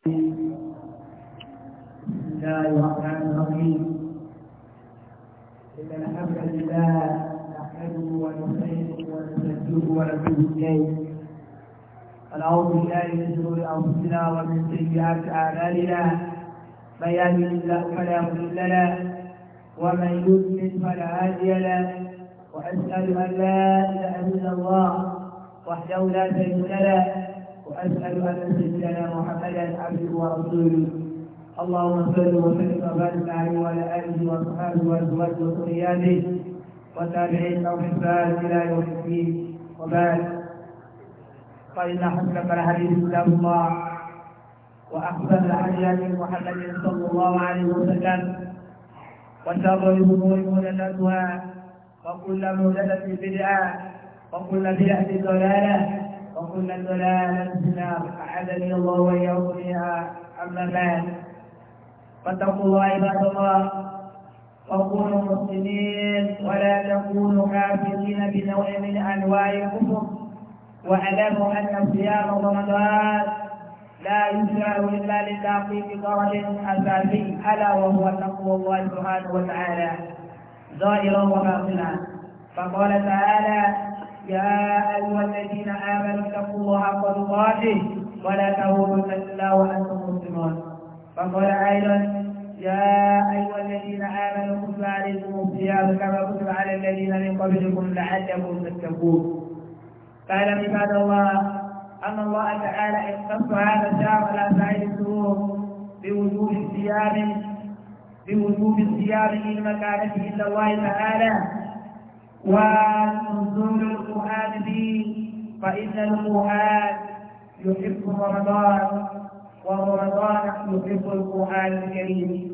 بسم الله الرحمن الرحيم إن الحمد لله نحمده ونستعينه ونستهديه ونتوب إليه ونعوذ بالله من شرور أنفسنا ومن سيئات أعمالنا من يهده الله فلا مضل له ومن يؤمن فلا هادي له وأشهد أن لا إله إلا الله وحده لا شريك له وأسأل أن سيدنا محمدا عبده ورسوله اللهم صل وسلم وبارك عليه وعلى آله وأصحابه وأزواجه وذرياته وتابعين أو حفاظ إلى يوم الدين وبعد فإن حسن الحديث كتاب الله وأحسن الحديث محمد صلى الله عليه وسلم وشر الأمور محدثاتها وكل محدثة بدعة وكل بدعة ضلالة وكل دلالة في النار أعاذني الله وإياكم فيها أما بعد فاتقوا الله عباد الله وكونوا مسلمين ولا تكونوا كافرين بنوع من أنواع الكفر واعلموا أن صيام رمضان لا يشرع إلا لتحقيق غرض أساسي ألا وهو تقوى الله سبحانه وتعالى ظاهرا وباطنا فقال تعالى يا أيها الذين آمنوا اتقوا الله حق تقاته ولا تموتن إلا وأنتم مسلمون فقال أيضا يا أيها الذين آمنوا كتب عليكم الصيام كما كتب على الذين من قبلكم لعلكم تتقون فاعلم عباد الله أن الله تعالى اختص هذا الشهر على سعيد السرور بوجوب الصيام بوجوب الصيام مكانته الى الله تعالى ونزول القرآن به فإن القرآن يحب رمضان ورمضان يحب القرآن الكريم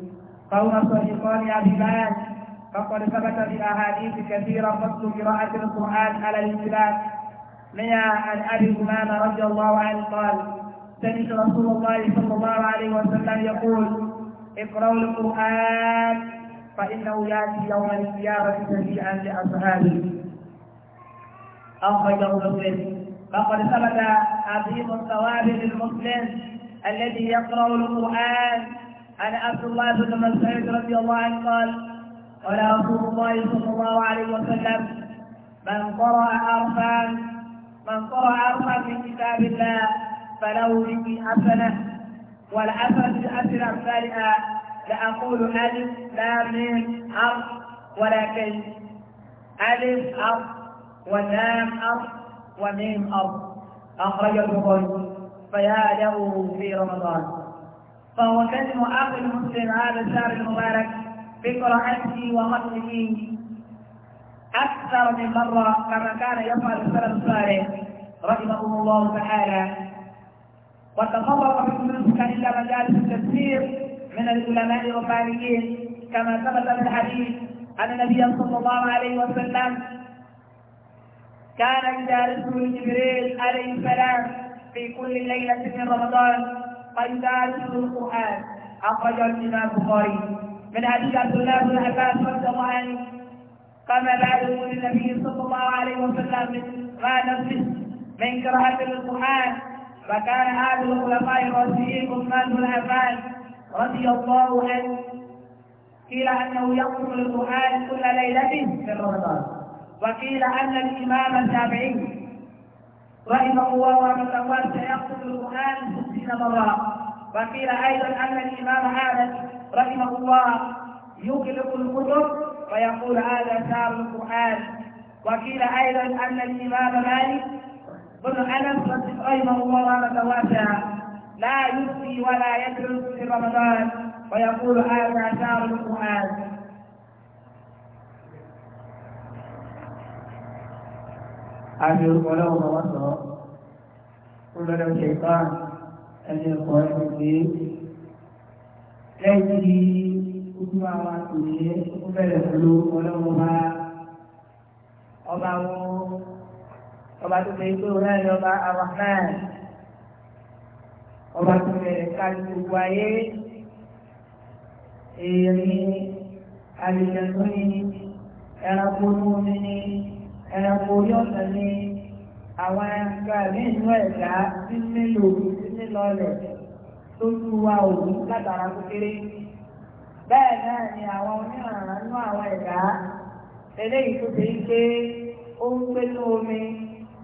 قول صديقان عبدان فقد ثبت في أحاديث كثيرة فصل قراءة القرآن على الإسلام من عن أبي أمامة رضي الله عنه قال سمعت رسول الله صلى الله عليه وسلم يقول اقرأوا القرآن فإنه يأتي يوم القيامة شفيعا لأصحابه أخرجه مسلم فقد ثبت عظيم الثواب للمسلم الذي يقرأ القرآن عن عبد الله بن مسعود رضي الله عنه قال قال رسول الله صلى الله عليه وسلم من قرأ أرفا من قرأ أرفا من كتاب الله فله به حسنة والحسنة بأسر أمثالها لأقول ألف لام من أرض ولا كيف ألف أرض ولام أرض وميم أرض أخرج البخاري فيا له في رمضان فهو كلم أخي المسلم هذا الشهر المبارك بقراءته وقتله أكثر من مرة كما كان يفعل السلف الصالح رحمه الله تعالى وتفرق في النسك إلا مجالس التفسير من العلماء الربانيين كما ثبت في الحديث أن النبي صلى الله عليه وسلم كان يدارسه جبريل عليه السلام في كل ليلة من رمضان فيدارسه القرآن أخرجه الإمام البخاري من حديث عبد الله بن عباس رضي الله عنه قام بعده للنبي صلى الله عليه وسلم ما نفسه من كراهة القرآن فكان هذا الخلفاء الراشدين عثمان بن عفان رضي الله عنه قيل انه يقرأ القران كل ليله في رمضان وقيل ان الامام الشافعي رحمه الله ومن الله سيقرأ القران ستين مره وقيل ايضا ان الامام احمد رحمه الله يغلق الكتب ويقول هذا سار القران وقيل ايضا ان الامام مالك بن انس رحمه الله ومن الله لا يبكي ولا يدرس في رمضان ويقول هذا شهر القرآن àmì orúkọ lọ́wọ́ bàbá sọ ó lọ́dọ̀ ṣe ipá ẹni ọkọ̀ ẹni pé lẹ́yìn tí ojú àwọn àtòyé ó bẹ̀rẹ̀ pẹ̀lú ọlọ́wọ́ bá ọba wọn ọba tó fẹ́ pé òun náà ni ọba àwọn náà ọba tó bẹ̀rẹ̀ káàdì gbogbo ayé èèyàn ní àlejò tó ní ẹranko ní omi ní ẹranko orí ọ̀sán ní àwọn ẹranko àbí ìlú ẹ̀dá tí nílò tí nílò ọ̀lẹ̀ tó wa òun látara tó bẹ́ẹ̀ náà ni àwọn onírànràn nú àwọn ẹ̀dá eléyìí tó ti gbé ó ń gbé ní omi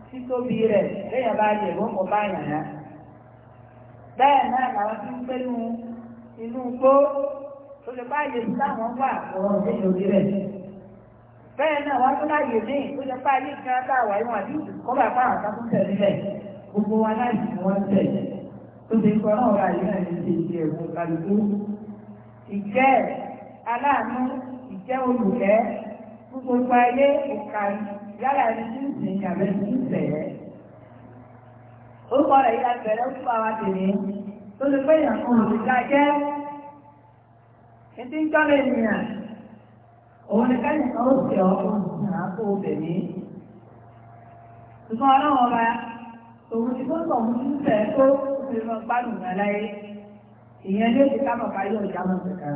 títóbi rẹ̀ léyìn bá yẹ̀ wọ́n kọ́ bẹ́ẹ̀ náà làwọn tí ń gbé nu inú gbó tó lè báyè sí táwọn wà ọ̀rọ̀ ní òbí rẹ̀. bẹ́ẹ̀ náà wọ́n tún láàyè mí tó lè báyè kí wọ́n bá wà ìwọ̀n àti kọ́bà fún àwọn kan tó tẹ̀lé rẹ̀ gbogbo wọn láì sí wọn tẹ̀. tó ti kọ́ náà wà yìí náà ní ti ìdí ẹ̀wọ̀n kàlùkù. ìjẹ́ aláàánú ìjẹ́ olùkẹ́ gbogbo ayé ìkàlù yálà ẹni tí ìyàbẹ̀ tí ń orúkọ rẹ̀ yíya bẹ̀rẹ̀ ń pa wa tèmi tó lè pé èèyàn kan òsì ká jẹ́ ètí ń jọ́lẹ̀ ènìyàn òun ni kẹ́yìn kan ó sì ọ́ àpò obìnrin ṣùgbọ́n ọlọ́run ọba òun ti tó ń bọ̀ mú sísẹ̀ tó ti lọ gbádùn rẹ̀ láyé ìyẹn ní èdè ká bàbá yóò já mọ́ síta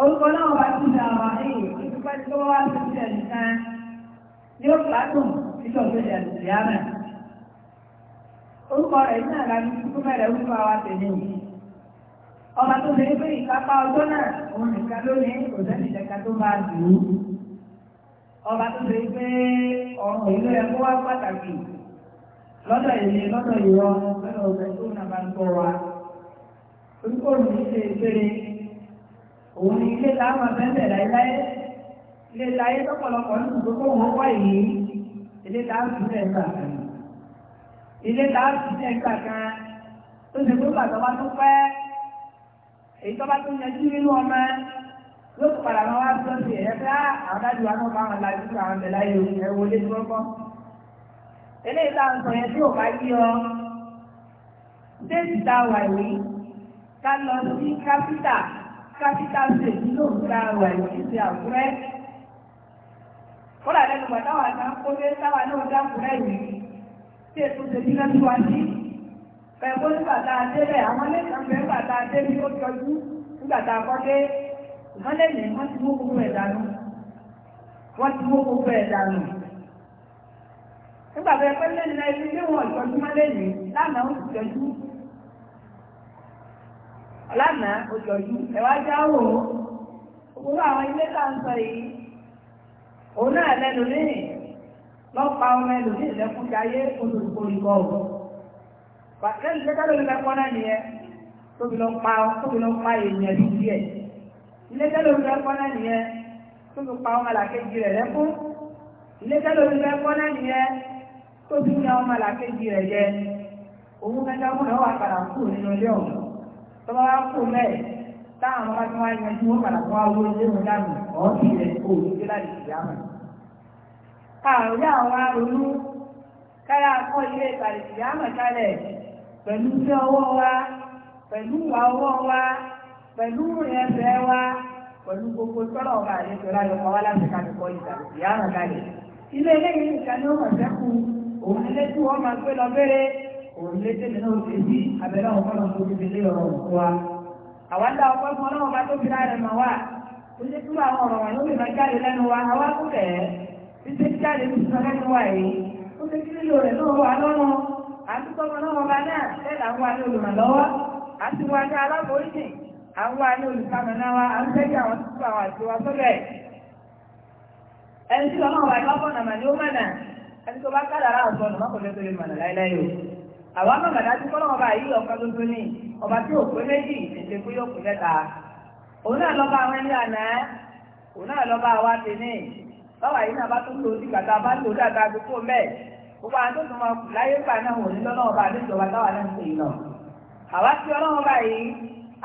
orúkọ náà wà sí ìdá àwọn àríyìn ìdúpẹ́ tí ó wá sí ìdẹ̀ nìkan yóò gbádùn títọ̀ tó jẹ̀ lùdíámẹ̀ orúkọ rẹ̀ náà láti fi kó bẹ̀rẹ̀ orúkọ àwa tẹ̀lé yìí ọba tó lè gbé ìkápá ọjọ́ náà òun nìkan ló ní òṣèlú ìjẹka tó bá dùn ún ọba tó lè gbé ọ̀rùn ìlú ẹ̀ kó wá pàtàkì lọ́dọ̀ ìlú lọ́dọ̀ ìwọ lọ́dọ̀ ọ̀gbẹ́ tó nà bá ń bọ̀ wá orúkọ òun ní ṣe ìpele òun ní ilé láwọn abẹ́ńbẹ̀ láéláé ilé láyé lọ́pọ̀lọpọ̀ nínú gbogbo òun wá ilé láwọn ìlú ẹ̀ ilé láti ní ẹgbà kan tó ṣe tó bàtọ̀ bá tó pẹ́ èyí tó bá tó yanjú nínú ọmọ yóò tó padà máa wá tó ṣe ẹ̀yẹ fẹ́ ah, àwọn dájú wa náà bá wọn lajú tó àwọn bẹ̀rẹ̀ ayé òun ẹ̀wọ̀ lé tó kọ́. eléyìí tá à ń sọ yẹn tí ò bá yí ọ déètì tá a wà yìí ká lọ sí kápítà kápítà ṣe ìlú òkúta wà yìí ṣe àkúrẹ́. kódà lẹ́nu pàtàwà náà kó dé táwa náà dákúrẹ́ yìí tí ètò ìṣèjú náà ti wá sí. Ẹ̀kọ́ nígbà tá a débẹ̀, àwọn lẹ́kàn fẹ́ nígbà tá a débi ó jọjú nígbà tá a kọ́ dé. Ìmọ̀lẹ́ ni wọ́n ti mú gbogbo ẹ̀ dànù. Wọ́n ti mú gbogbo ẹ̀ dànù. Nígbà tó yẹ pé lẹ́nu náà ibi tí wọ́n ìtọ́jú mọ́lẹ́ ní lánàá ó ti jọjú. Lánàá ó jọjú. Ẹ̀wá já wò ó. Gbogbo àwọn ilé tá à ń sọ yìí. Òun náà lẹ́nu lẹ́yìn lọ́pa ọmọ ẹlòmí ìlẹ́kùn ti ayé olùkórìkọ ọ̀. Bàtẹ́lì tẹ́tẹ́ lórí lẹ́kọ́ náà nìyẹn tóbi lọ pa tóbi lọ pa èèyàn ní díẹ̀. Ilé tẹ́lẹ̀ lórí lẹ́kọ́ náà nìyẹn tóbi pa ọmọ làkejì rẹ̀ lẹ́kún. Ilé tẹ́lẹ̀ lórí lẹ́kọ́ náà nìyẹn tóbi ní ọmọ làkejì rẹ̀ jẹ. Òun mẹ́ta múnà wà padà kù nínú ilé ọ̀hún. Tọ́ba wá kù mẹ́ẹ̀ táwọn ọmọ bá ti wá yanjú wọn padà fún wa wọlé àrí àwọn aronú kára kọ́ ilé ìpàdé àmọ̀kálẹ̀ pẹ̀lú iṣẹ́ ọwọ́ wa pẹ̀lú ìwà ọwọ́ wa pẹ̀lú ìrẹsẹ̀ wa pẹ̀lú gbogbo tọ́lọ̀ ọba àlejò láyọ̀ wá láti kàdé kọ́ ilé sẹ́kù òun tí wọ́n máa gbé lọ òun náà tó ti fi ọ̀rọ̀ títí jáde tó sọ lẹ́nu wa ó ṣe kí nílò rẹ̀ náà wà lọ́nà àti náà wọn bá náà lẹ́nu àwọn àni olùrànlọ́wọ́ àti wọn ní aláboríjì àwọn àni olùkàmọ̀náwá àti àwọn títí àwọn àti ẹni tí lọ́nà lọ́kọ̀ nàmà ni ó ẹni tó bá kádàrá lè mọ̀nà o. yìí ọ̀kan tuntun báwa yìí náà bá tó lò dìgbà tá a bá lò dáadáa gbogbo mẹ́ẹ̀ gbogbo àwọn tó máa kù láyé gbà náà wò ní lọ́nà ọba àdéjọba táwa náà àwa tí ọlọ́run yìí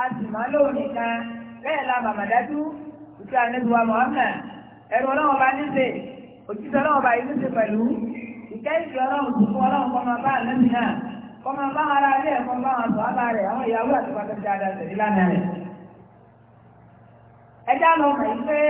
a sì máa lóun nìkan bẹ́ẹ̀ la ẹ̀rù ọlọ́run bá níṣe ọlọ́run níṣe pẹ̀lú ọlọ́run tó fún ọlọ́run kọ́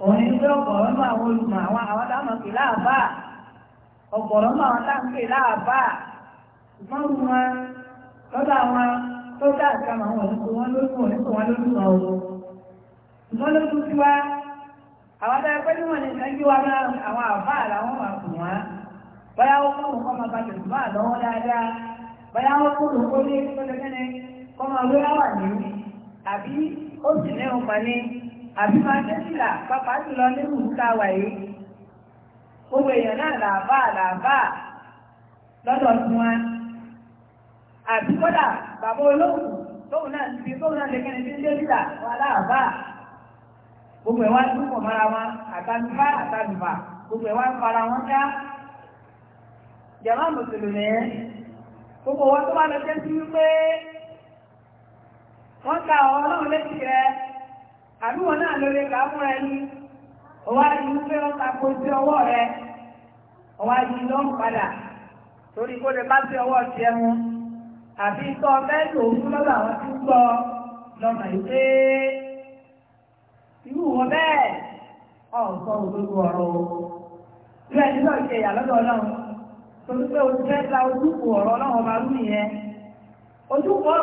òun ni pé ọ̀pọ̀rọ̀ mọ́ àwọn olùmọ̀ àwọn àwọn táwọn pè láàbà ọ̀pọ̀rọ̀ mọ́ àwọn táwọn pè láàbà ṣùgbọ́n wọn lọ́dọ̀ àwọn tó dá wọn ní kò wọ́n lójú wọn ní kò wọ́n lójú wọn o ṣùgbọ́n lójú sí wa àwọn tó yẹ pé níwọ̀n ní wa àwọn àbá bóyá kúrò kọ́ máa bá dáadáa bóyá kúrò kó kó àbí máa dé sílà pàápàá jùlọ nínú ìwúta wà yìí gbogbo èèyàn náà làbá làbá lọ́dọ̀ fún wa àbí kódà bàbá olóògùn tóun náà ti fi tóun náà lékẹ́ni tí ń dé sílà wà láàbá gbogbo ẹ̀ wá dúpọ̀ mọ́ra wọn àtàlùfá àtàlùfà gbogbo ẹ̀ wá fara wọn dá jàmá mùsùlùmí gbogbo wọn tó wá lọ jẹ́ sí wípé wọ́n ta ọlọ́run létí rẹ̀ àbí wọn náà lórí kà á fúnra ẹni ọwá wípé wọn ta sí ọwọ́ rẹ ọwá di lọ́n padà torí kó lè bá sí ọwọ́ tiẹ̀ mu àbí tọ́ bẹ́ẹ̀ fún àwọn tí ń yìí pé wọn bẹ́ẹ̀ ọ̀sọ́ òdodo ọ̀rọ̀ o bí ẹni náà ṣe lọ́dọ̀ torí pé ta ojúkù ọba rú nìyẹn ojúkù ọrọ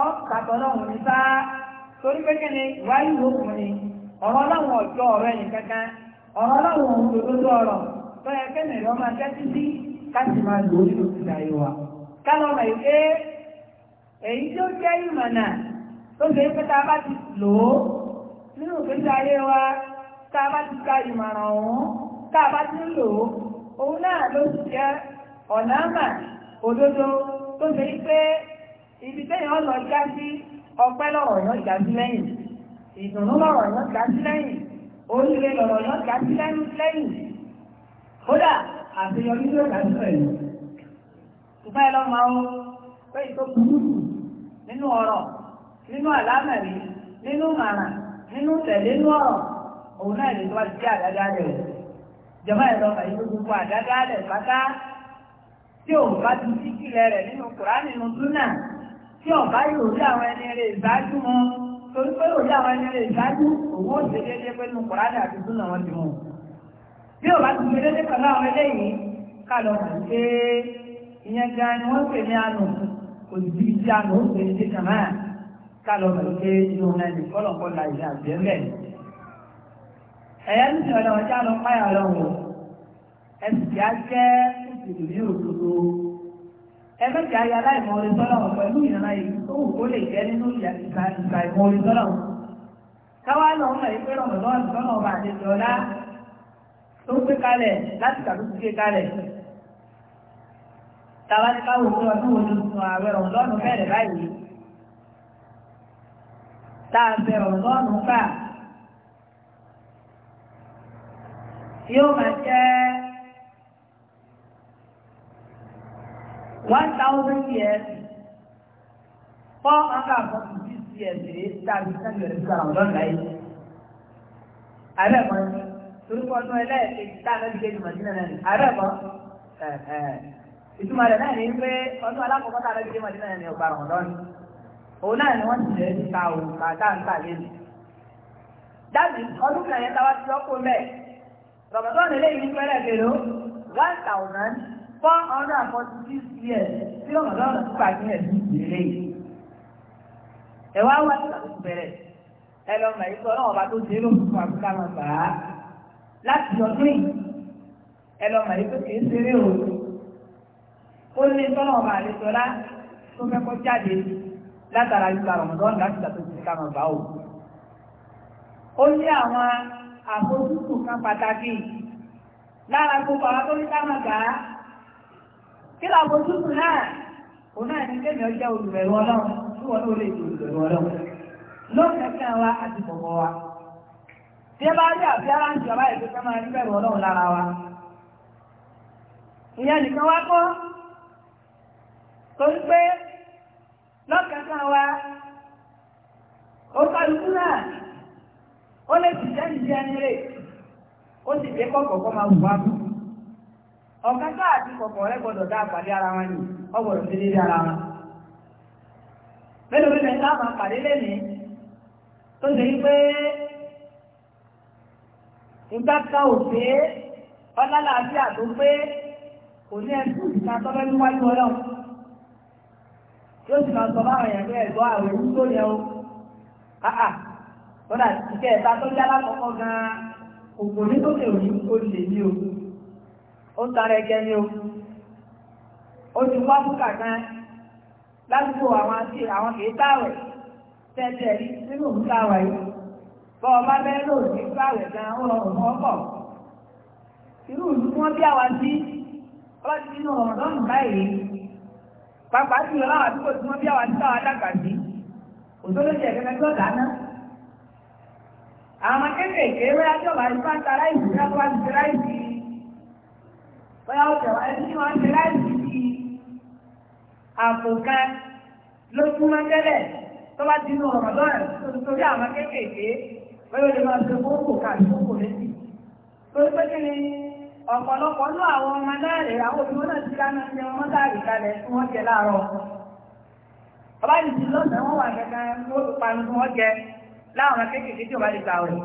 ọ kàtọ́ lọ́hùn ní torí pé kí ni wáyé ìwòkùn ni ọ̀rọ̀ lọ́hùn ọ̀jọ́ ọ̀rọ̀ ẹ̀yìn kankan ọ̀rọ̀ lọ́hùn òun ọ̀rọ̀ tó yẹ kẹ́nì lọ́ máa tẹ́tí sí máa lò ó wa. kálọ̀ èyí jẹ́ ìmọ̀nà tó ṣe pé tá a bá ti lò ó nínú ìgbésí ayé wa tá a bá ti ka ibi tẹ́yìn ọlọ já sí ọpẹ́ lọ́rọ̀ yọ já sí lẹ́yìn ìdùnnú lọ́rọ̀ yọ já sí lẹ́yìn oríire lọ́rọ̀ yọ já sí lẹ́yìn kódà àṣeyọrí ló já sí lẹ́yìn ṣùgbọ́n lọ máa ń pé ìtò kúrúkù nínú ọ̀rọ̀ nínú àlámẹ̀rí nínú màrà nínú tẹ̀lé nínú ọ̀rọ̀ òun náà lè wá sí àdájá rẹ̀ jọba ẹ̀rọ àyè gbogbo àdájá rẹ̀ pátá tí òun bá ti sí kílẹ̀ rẹ̀ nínú kùrá nínú túnà tí ọ̀bá ìròrí àwọn ẹni rẹ̀ ìgbájú wọn torí pé òrí àwọn ẹni rẹ̀ ìgbájú òwò ṣe déédé pẹ̀lú kọ̀rádà àti súnà wọn ti mọ̀. bí ọ̀bá ti ṣe déédé pẹ̀lú àwọn eléyìí ká lọ mọ̀ pé ìyẹn gan ni wọ́n pè ní àánú kò sí ibi tí àánú ó pè ní kàmá ká lọ mọ̀ pé inú ọ̀nà ẹni kọ́lọ̀kọ́ la ìyá àbẹ́ ẹ̀yẹ́ nítorí ọ̀dọ̀ ọjà lọ ẹgbẹ́jì ayé aláìmọ̀ orin sọ́lá wọn pẹ̀lú ìrìnà yìí tó wù kó lè jẹ́ nínú ìyàtìkà ìmọ̀ orin sọ́lá wọn. káwá lọ ń lọ yìí pé rọ̀mọ̀dọ́ àtìsọ́nà ọba àdéjọ ọlá tó gbé kalẹ̀ láti tàbí gbé kalẹ̀. táwa ní káwọ pé ọdún wo ló sun ààrẹ ọ̀dọ́nù bẹ̀rẹ̀ báyìí. tá a bẹ ọ̀dọ́nù gbà yóò máa jẹ́ one thousand years four hundred and forty six years rèé tàbí sẹ́yìn rẹ̀ síra ọ̀dọ́ láyé. àbẹ̀mọ́ torúkọ ọdún ẹlẹ́ẹ̀kejì táwọn ẹbí kejì màdínà náà ni àbẹ̀mọ́ eh, eh, ìtumọ̀ rẹ̀ náà ní pé ọdún alákọ̀ọ́kọ́ táwọn ẹbí kejì màdínà náà ni ọgbà ọ̀dọ́ ni òun náà ni wọ́n ti lè ní ta òun kàtà ń tà lé mi. dábì ọdún kan yẹn táwa ti lọ́kọ̀ mẹ́ rọ̀bọ̀tọ́ nílé yìí pẹ́rẹ́ gbèrò one thousand four hundred and forty six years tí ọmọ náà ti pàdé ẹ̀ ní ìdílé yìí. ẹ wá wá sí àtúntò bẹ̀rẹ̀ ẹ lọ mọ̀ ìfọ̀ náà ọba tó dé lóògùn fún àbúkà máa bà á láti ọdún yìí ẹ lọ mọ̀ ìfọ̀ kìí ṣeré o. ó lé sọ́nà ọba àlejòlá tó fẹ́ kọ́ jáde látara ìgbà rọ̀mọ̀dọ́nù láti ìdàtòjì ká máa bà ó. ó ní àwọn àfojúsùn kan pàtàkì lára gbogbo àwọn tó ní ká máa bà á kí ló àbójútó náà òun náà ní kéèmì ọjọ́ olùrẹ̀rù ọlọ́run tí wọ́n ló lè di olùrẹ̀rù ọlọ́run lókẹ̀kẹ́ wa àti bọ̀bọ̀ wa tí ẹ bá rí àbí ara ń jọba ètò tó máa rí bẹ̀rù ọlọ́run lára wa ìyẹn nìkan wá kọ́ torí pé lọ́kẹ̀kẹ́ wa ó kálukú náà ó lè ti jẹ́ ìjẹ́ ẹni ó sì dé kọ́kọ́ máa wù wá kú ọ̀gágá àti kọ̀kọ̀ rẹ̀ gbọdọ̀ dá àpàdé ara wọn ni ọgbọ̀dọ̀ sí lérí ara wọn mélòó mélòó ní àwọn àpàdé lẹ́nìí tó ṣe yí pé ìgbàkà òfé ọlálàáfíà tó pé kò ní ẹ̀sùn ìta tọ́lọ́ níwájú ọlọ́run yóò sì máa sọ báwọn èèyàn pé ẹ̀gbọ́ àwọn ewu tó yẹ o àà kódà ìkẹ́ ẹ̀ta tó yá lákọ̀ọ́kọ́ gan-an òkò ní tó kèrò ní ó lè ní ogun ó tara ẹ̀jẹ̀ ni o ó ti wá fúkà kan lásìkò àwọn àti àwọn kìí táwẹ̀ tẹ́tẹ́ rí nínú òun táwà yìí bọ ọba bẹ́ẹ̀ lò ní táwẹ̀ gan ó rọrùn fún irú ìlú tí bí àwa sí ọba nínú ọ̀rọ̀ lọ́nà báyìí sí àdúgbò tí bí àwa sí táwa bóyá ó jọ̀wọ́ ẹni tí wọ́n ṣe láti fi àpò lójúmọ́ tẹ́lẹ̀ tó bá dínú ọ̀rọ̀ lọ́rẹ̀ torí àwọn kéékèèké bóyá ó lè máa ṣe kókò káàkiri kókò létí torí pé kí ni ọ̀pọ̀lọpọ̀ ní àwọn ọmọ náà rẹ̀ àwọn obìnrin náà ti dáná ṣe wọn dáàrí kalẹ̀ tí wọ́n jẹ láàárọ̀ ọba yìí ti lọ́sẹ̀ wọ́n wà kankan tí wọ́n jẹ láwọn kéékèèké tí ò bá lè gbà wẹ̀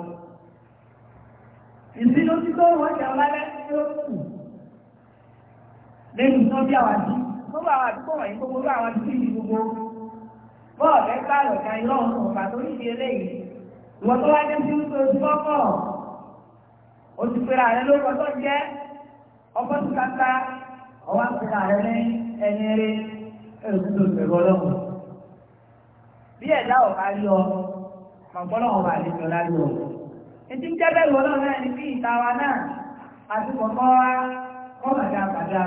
ìsinú tí tó wọ́n jẹ ọlálẹ́ tí ó kù lẹ́nu tó bí àwọn àti gbogbo àwọn àdúgbò wọ̀nyí gbogbo bí àwọn àdúgbò yìí gbogbo bọ́ọ̀lù ẹgbẹ́ àlọ́ta iná ọ̀sán ọ̀gá tó ní ìdílé yìí ìwọ tó wá dé sí oṣù kọ́kọ́ oṣù pèrè ààrẹ ló kọ́ tó jẹ́ ọkọ́ tó kàkà ọwọ́ pèrè ààrẹ ní ẹni eré ẹ̀rọ tó bẹ̀rù ọlọ́run bí ẹ̀dá ọ̀gá rí ọ màgbọ́nà ọ̀gá àlejò lálẹ́ ọ̀ ètí ń jẹ́ bẹ́ẹ̀ wọ́n náà ní bí ìta wa náà àti kọ̀ọ̀kan wa wọ́n bàjá bàjá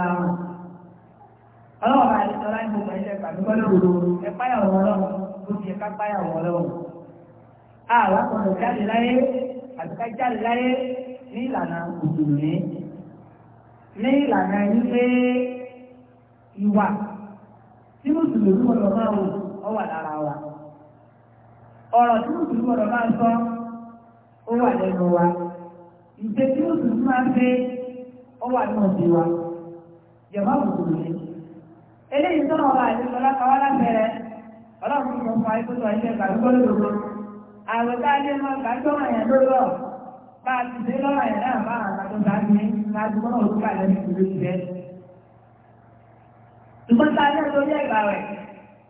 ọlọ́wọ́ bá àti sọlá ní gbogbo ẹ̀ṣẹ̀ pàmí kọ́ lóòrò ẹ̀páyàwó ọlọ́run ó ti ẹ̀ká páyàwó ọlọ́run. a wá kọ̀ọ̀dọ̀ jáde láyé àti ká jáde láyé ní ìlànà òṣèlú ní ìlànà ilé ìwà tí mùsùlùmí gbọdọ̀ máa wò ó wà lára wa. ọ̀rọ̀ tí mùsùlùmí gbọdọ̀ máa sọ ó wà lẹ́nu wa. ìgbé tí mùsùlùmí máa ń gbé ó wà nínú òbí wa. jẹ̀má mùsùlùmí eléyìí tó náà bá àdúgbò lákàwá lábẹ́rẹ́ ọlọ́run tó fọ ayébótó ẹgbẹ́ gbàdúgbò lòdò àrùn tá a lè mọ gbàdúgbò àyàn lọ́rọ̀ bá a ti dé lọ́rọ̀ àyàn náà bá àwọn àgbàdo bá mi náà ìlú ìjẹ́. tá a lè rẹ̀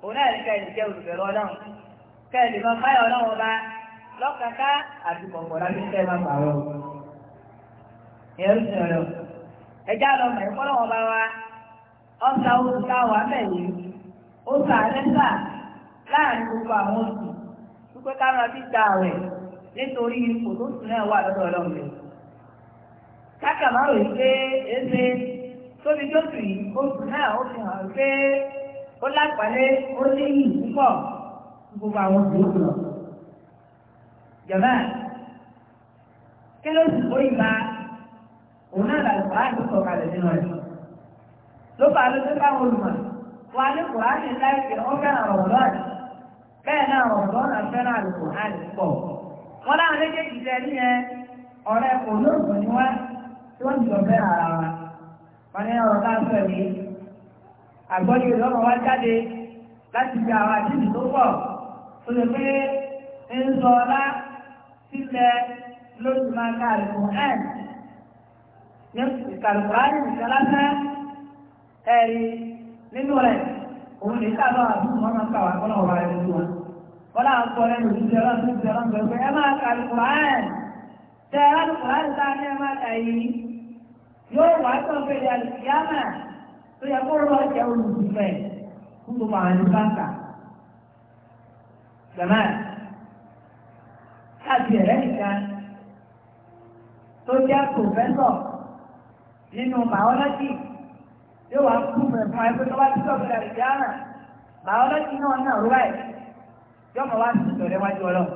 òun náà jẹ́ olùbẹ̀rẹ̀ ọlọ́run ọlọ́run bá lọ́kàká àti kọ̀ọ̀kọ̀ ọ̀sà oṣù táwà bẹ̀rẹ̀ ó sà lẹ́sà láàrin gbogbo àwọn oṣù wípé ká máa fi gba àwẹ̀ nítorí ipò tó sùn náà wà lọ́dọ̀ ọlọ́run káàkà máa rò pé ẹsẹ̀ tóbi tó sùn yìí oṣù náà ó fi hàn pé ó lápàlẹ́ ó níyì púpọ̀ gbogbo àwọn oṣù yìí lọ. kí ló sì kó ìgbà òun náà làlùfáà ló nínú ẹ̀ ló bá ló dé báwọn olùmọ̀ wà ní kùránì láìpẹ́ ó fẹ́ràn rọ̀mọ̀lọ́ọ̀nì bẹ́ẹ̀ náà rọ̀mọ̀lọ́ọ̀nì fẹ́ràn àlùkùránì pọ̀ wọ́n láwọn méjèèjì jẹ́ ní ẹ ọ̀rẹ́ kò lóògùn ni wá tí wọ́n jọ fẹ́ ara wa wọ́n ní ọ̀rọ̀ náà sọ yìí àgbọ́dé ìlọ́mọ wá jáde láti fi àwọn àdìsí tó pọ̀ tó lè pé ń sọ ọlá sílẹ̀ lóṣù máa ka àlùkùránì ní kàlùkùránì ìṣẹ́lásẹ́ ẹ̀rí nínú rẹ̀ òun lè máa kọ́nà ọ̀rọ̀ wọ́n a láti ẹ̀rẹ́ nìkan tó jẹ́ pòfẹ́sọ̀ nínú yóò wá kú fún ẹ̀fọn ẹgbẹ́ tó bá ti sọ̀rọ̀ rẹ̀ yá náà bàọ́lọ́jì náà náà rú ẹ̀ yóò mọ̀ wá sí ìtọ̀rẹ́ wájú ọlọ́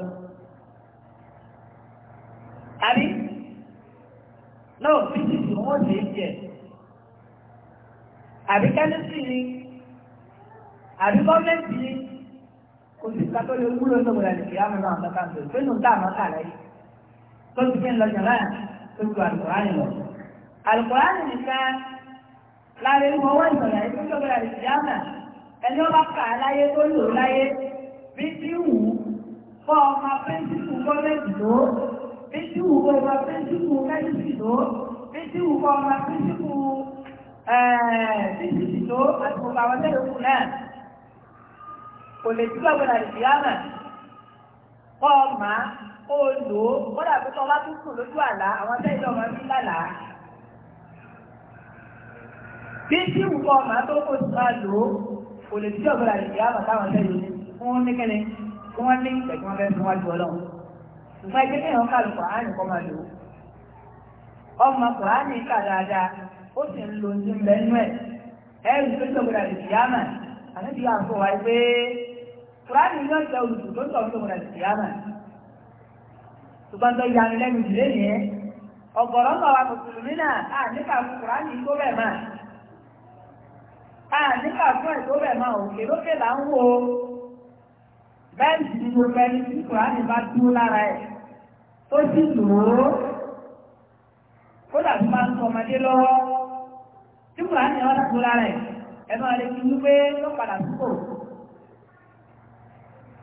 tàbí náà fíjìsì wọn lè jẹ àbí kẹ́lẹ́sì ni àbí gọ́ọ̀mẹ́ntì ni kò sí ìka tó lè wúlò ní òwúrọ̀ àdìgbì yá mẹ́rin àwọn kan tó tó nù tá àmọ́ kà láyé tó ti fi ń lọ jàmáà tó ju àlùkò ránì lọ àlùkò ránì nìkan lára ewu ọwọ́ ìgbọ̀nà ẹni tó gbọ́dọ̀ lè jẹ́ àmà ẹni ọba kà á láyé tó lò láyé bí tí wù ú kọ́ ọmọ pẹ́ńsìpù gọ́ọ̀mẹ̀ntì tó bí tí wù kọ́ ọmọ pẹ́ńsìpù mẹ́tìsì tó bí tí wù kọ́ ọmọ pẹ́ńsìpù fíjìsì tó àti gbogbo àwọn tẹ́lẹ̀ òkú náà kò lè tí gbọ́dọ̀ lè jẹ́ àmà kọ́ ọmọ ó lò ó kọ́dà pé tọ́lá tó kù lójú àlá àwọn tẹ́lẹ̀ ọmọ bí tí nǹkan ọmọ tó kò tó máa lò ó kò lè tí ọ̀gbọ́n àti ìyá àbàtà wọn lẹ́yìn fún ní kẹ́ni tí wọ́n ní ìtẹ̀kí wọn fẹ́ fún wájú ọlọ́run ṣùgbọ́n ẹgbẹ́ ní ìhàn kàlù kọ̀ọ̀ánì kọ́ máa lò ó ọmọ kọ̀ọ̀ánì kà dáadáa ó sì ń lo ní mẹ́nu ẹ̀ ẹ̀rù tó tó gbọ́dọ̀ àti ìyá mà àti ìyá àǹkó wa pé kọ̀ọ̀ánì yóò jẹ́ olùdó tó tọ̀ tó gbọ́dọ̀ àti ìyá mà ṣùgbọ́n tó yanu lẹ́nu ìdílé yẹn ọ̀gọ̀rọ̀ ń bá wa kò tùlù Ah, nígbà fún ẹ̀ tó máa òkè lókè là ń wo bẹ́ẹ̀sì ni mo fẹ́ ní tí kùránì bá dúró lára ẹ̀ tó sì lò ó ó dàbí máa ń sọ ọmọdé lọ́wọ́ tí kùránì wọn dúró lára ẹ̀ ẹ máa lè fi wípé ló padà sípò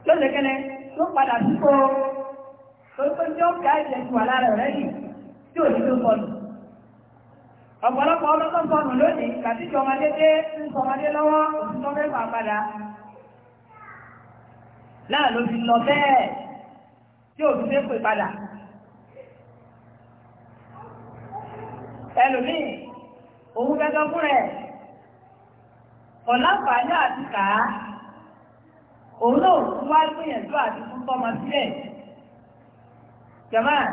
lóṣèkẹlẹ ló padà sípò torí pé tí ó ká ìjẹsùn wà lára rẹ̀ yìí tí ò ní ló kọlù ọ̀pọ̀lọpọ̀ ọdún tó ń sọnù lónìí kàtí tí ọmọdé dé ń sọmọdé lọ́wọ́ òun tó fẹ́ fà padà náà ló fi lọ bẹ́ẹ̀ tí òun fẹ́ pè padà ẹlòmíì òun gẹ́gẹ́ fún rẹ̀ ọ̀láǹfààní àti kàá òun náà wá gbìyànjú àti fún tọ́mọ sílẹ̀ jọ̀máà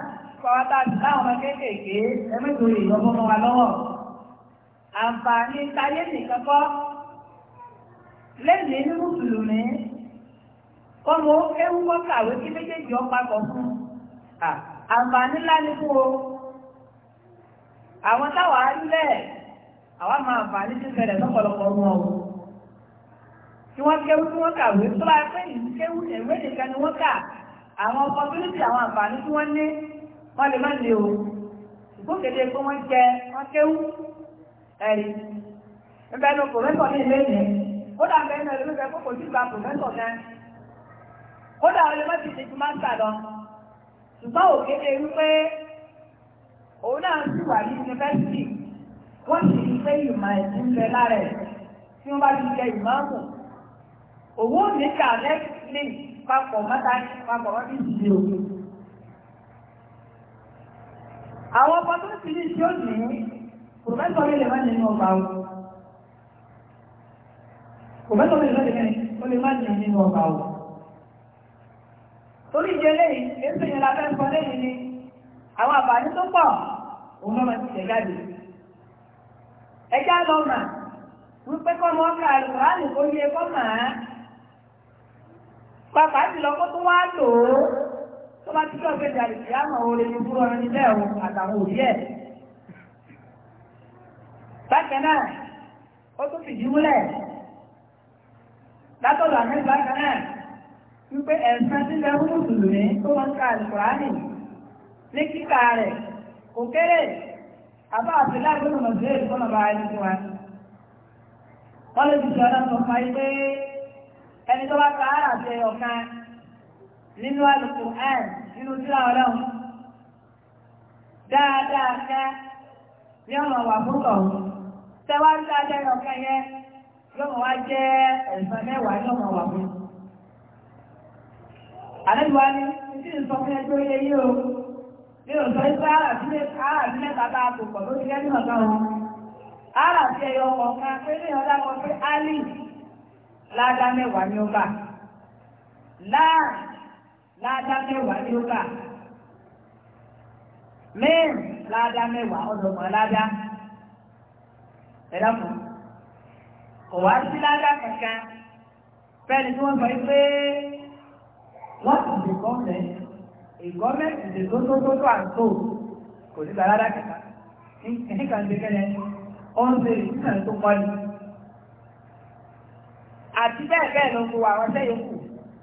pàwátà láwọn ọmọ kéékèèké ẹmẹ́tò ìrọ̀bọ́ mọ́ wa lọ́wọ́ àǹfààní táyé nìkan kọ́ lẹ́nìí ní mùsùlùmí kọ́mọ ewu kọ́ kàwé kí méjèèjì ọ̀pápọ̀ fún àǹfààní ńlá ni fún o àwọn táwa á lẹ̀ àwa máa àǹfààní ti bẹ̀rẹ̀ lọ́pọ̀lọpọ̀ wọn o tí wọ́n kéwú tí wọ́n kàwé tó bá pé ìlú kéwú ìwé nìkan ni wọ́n kà àwọn ọkọ̀ tó ní ti àwọn àǹfààní tí wọ́n ní wọ́n lè má lè o ìgbókèdè pé wọ́n jẹ wọ́n kéwú ẹ̀rí ẹgbẹ́ ní pòfẹ́sọ̀ ní ilé ìlẹ̀ kódà bẹ́ẹ̀ ní ẹlẹ́gbẹ́ kó kò sí gba pòfẹ́sọ̀ náà kódà ọlẹ́ má ti ṣètò máa ń sà lọ ṣùgbọ́n òkèdè wípé òun náà sì wà ní yunifásitì wọ́n sì ń pé ìmọ̀ ẹ̀sìn ń lára tí wọ́n bá ti jẹ ìmọ̀ ọ̀hún òwò ní kà lẹ́kìlì papọ̀ mọ́ta papọ̀ mọ́ta ìdíje òkè àwọn ọkọ̀ tó ti ní tí ó dì í pòfẹ́sọ̀ lè má nínú ọgbà o pòfẹ́sọ̀ lè má nínú lè má nínú ọgbà o torí ìdí eléyìí èso yẹn la fẹ́ sọ lẹ́yìn ni àwọn àbàní tó pọ̀ òun lọ́mọ ti tẹ̀ jáde ẹjá lọ́mà wípé kọ́mọ ọkà àlùkò àlùkò yẹ kọ́mà pàpà jùlọ kó tó wá lò tó bá ti kí ọ̀gbẹ́ ìjà lè àmọ̀ òun lè ní fúrọ̀ ní bẹ́ẹ̀ o àtàwọn òbí ẹ̀. bákan náà ó tún fìdí múlẹ̀ látọ̀dọ̀ àmì bákan náà wípé ẹ̀sán tí lẹ́ fún mùsùlùmí tó wọ́n ká àlùkùránì ní kíkà rẹ̀ kò kéré àbá àfẹ́lá gbọ́dọ̀ mọ̀ sí èyí kọ́nà bá ẹni fún wa. wọ́n lè fi sọ̀rọ̀ sọ fún ayé pé ẹni tó bá ka àràṣẹ ọ̀kan nínú àlùkùránì nínú síra ọlọ́run dáadáa kẹ́ ní ọmọ wà fún ọ̀hún tẹwàá dáadáa yọ kẹyẹ yọmọ wá jẹ́ ẹ̀sán mẹ́wàá wà fún àlejò wa ní ìdí ìsọ fún ẹgbẹ́ yìí o ní òsọ ìgbà ọ̀gá wọn àràbí ẹyọ ọ̀kan pé ní kan pé mẹ́wàá ni ó bà láàdá mẹ́wàá ni ó kà mẹ́rin láàdá mẹ́wàá ọ̀dọ̀gbọ̀n láàdá ẹ̀dá kan kò wá sí láàdá kankan fẹ́ni tí wọ́n sọ pé wọ́n ti dè gọ́ọ̀mẹ̀ ìgọ́ọ̀mẹ̀tì dè tó tó tó tó àtò kò ní gbàlá dákẹ́ta ní kan ṣe kẹ́lẹ́ ó ṣe ìdíkàn tó pọ̀ ni àti bẹ́ẹ̀ bẹ́ẹ̀ ló ń gbowó àwọn sẹ́yìn kù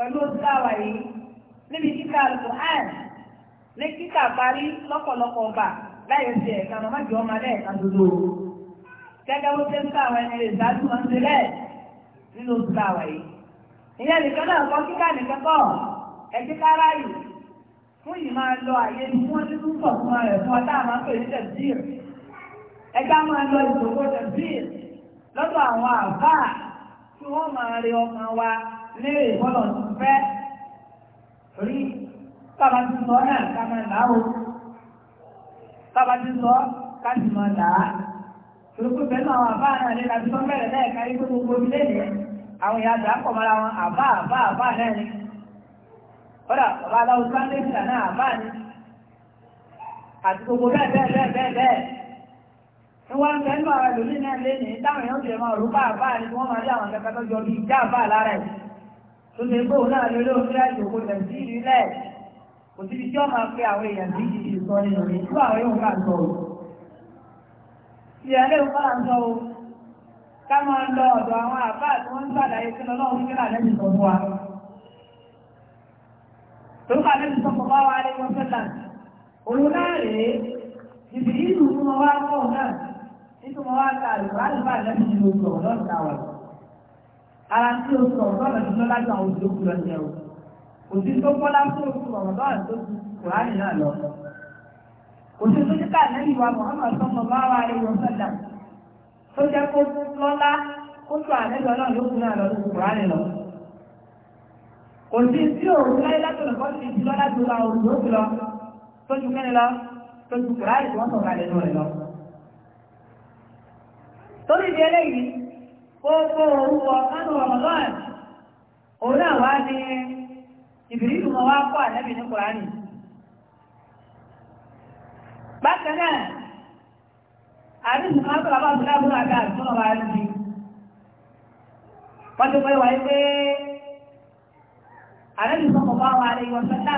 pẹ̀lú oṣù táwa yìí níbi kíkà alukuhan ní kíkà parí lọ́pọ̀lọpọ̀ ọba láyé ẹ̀ka ọmọ ọmọ alẹ́ ẹ̀ka o gẹ́gẹ́ bó ṣe ń ká àwọn ẹni wọn ṣe nínú yìí ìyẹn nìkan náà kọ́ kíkà ẹ̀jẹ̀ kára yìí fún yìí máa lọ àyè ní wọ́n ti tún pọ̀ fún ẹ̀ fún ọtá àmọ́ pé ní tẹ̀síìr ẹ̀ka máa lọ ìdòwò tẹ̀síìr lọ́dọ̀ àwọn àbá tí wọ́n máa rí wa lérè ìbọ́lọ̀ ti fẹ́ rí tábà ti sọ náà ká máa ti sọ ká sì máa là á torípé pẹ̀lú àwọn àbá náà lè láti sọ bẹ̀rẹ̀ lẹ́ẹ̀ka yí pé gbogbo ilé ni àwọn ìyá pọ̀ mọ́ra wọn àbá àbá àbá náà ni bàbá aláwo sáńdé náà àbá ni àti gbogbo bẹ́ẹ̀ bẹ́ẹ̀ bẹ́ẹ̀ bẹ́ẹ̀ bẹ́ẹ̀ wọ́n fẹ́ nínú lé ní táwọn èèyàn ti máa rú bá àbá tó lè gbóhùn náà lórí òkúra ìdòkó tẹ̀sí ìlú ilẹ̀ kò síbi tí máa pe àwọn èèyàn sí ìdí ìsọ nínú rẹ̀ tó àwọn yóò máa sọ o. ìyàlẹ́ òkú máa sọ ká máa lọ ọ̀dọ̀ àwọn àbá wọ́n ń gbàdá lọ́wọ́ wa. wọn fẹ́lá òun náà rèé ìbí ìlú fún náà ara tí o sọ̀rọ̀ bá bẹ̀rẹ̀ lọ́la ju àwọn òjòkú lọ jẹ́ o òjì tó kọ́lá tó o sọ̀rọ̀ bá bẹ̀rẹ̀ tó ju kùránì náà lọ. òjì tó díkà lẹ́yìn wa Muhammad sọ́mọ bá wà lè wọ́n sọ̀dà tó jẹ́ kó lọ́lá kó tó àlejò náà lókun náà lọ ju kùránì lọ. òjì tí o rú láyé látọ̀ lọ́kọ́ ti di lọ́la ju àwọn òjòkú lọ tó ju kẹ́ni lọ tó ju kùránì tó wọ́n sọ̀rọ̀ gbogbo orúkọ kánú Ramadan òun náà wá ní ìbìrìlù kan wá kọ́ ànábì ní Kùránì bákan náà àdúgbò máa ń sọ̀rọ̀ àwọn àgbà àti ọ̀rọ̀ àdúgbò wọ́n ti pẹ́ wáyé pé ànábì sọ̀rọ̀ bá wà ní ìwọ̀n sọ́tà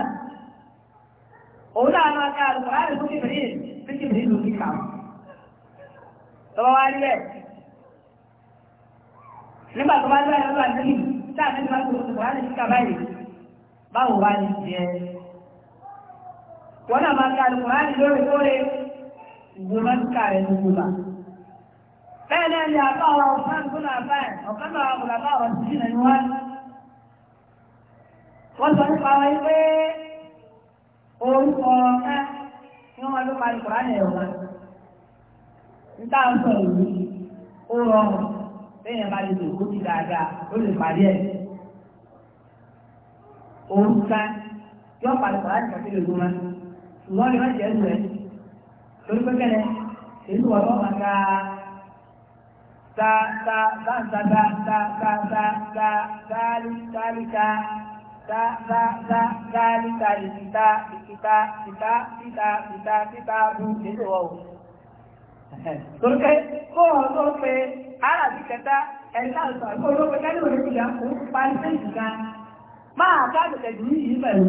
òun náà máa ká àlùkò láti fún kíkà lọ́wọ́ wá rí nígbà tó bá lọ ẹ̀rọ lọ àdébì tá àdébì bá tó tó wà ní kíkà báyìí báwo wá ní jẹ wọn náà máa ka àlùkò láti lóòrèkóòrè ìgbìmọ̀ kíkà rẹ̀ ní gbogbo bẹ́ẹ̀ náà ni àbá ọ̀rọ̀ tó náà bá ẹ̀ náà wà bá bẹ́ẹ̀ bá lè lò ó ti dáadáa ó lè parí ẹ̀. òun ká yóò parí láti kàtí lòdù ma ṣùgbọ́n lè má jẹ́ ẹ̀sùn rẹ̀ lórí pẹ́kẹ́lẹ́ èyí wọ́n bọ́ máa ká ta ta ta ta ta ta ta ta ta taali taali ta ta ta ta taali taali ti ta ti ta ti ta ti ta ti ta ti ta bu èyí wọ́n o. Eh, torí pé kó pe arábì kẹta ẹ̀ka ọ̀sán kó o tó pe kẹ́lí pa ṣé ìgbà máa ká àgbẹ̀tẹ̀ jù yìí pẹ̀lú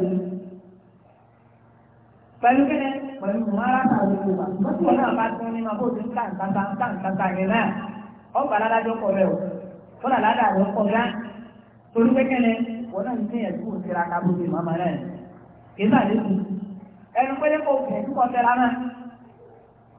pẹ̀lú kí ni pẹ̀lú mọ́ra àwọn olùkọ́ mọ́tò náà bá tún nínú abó tó ń ká nkàtà ń ni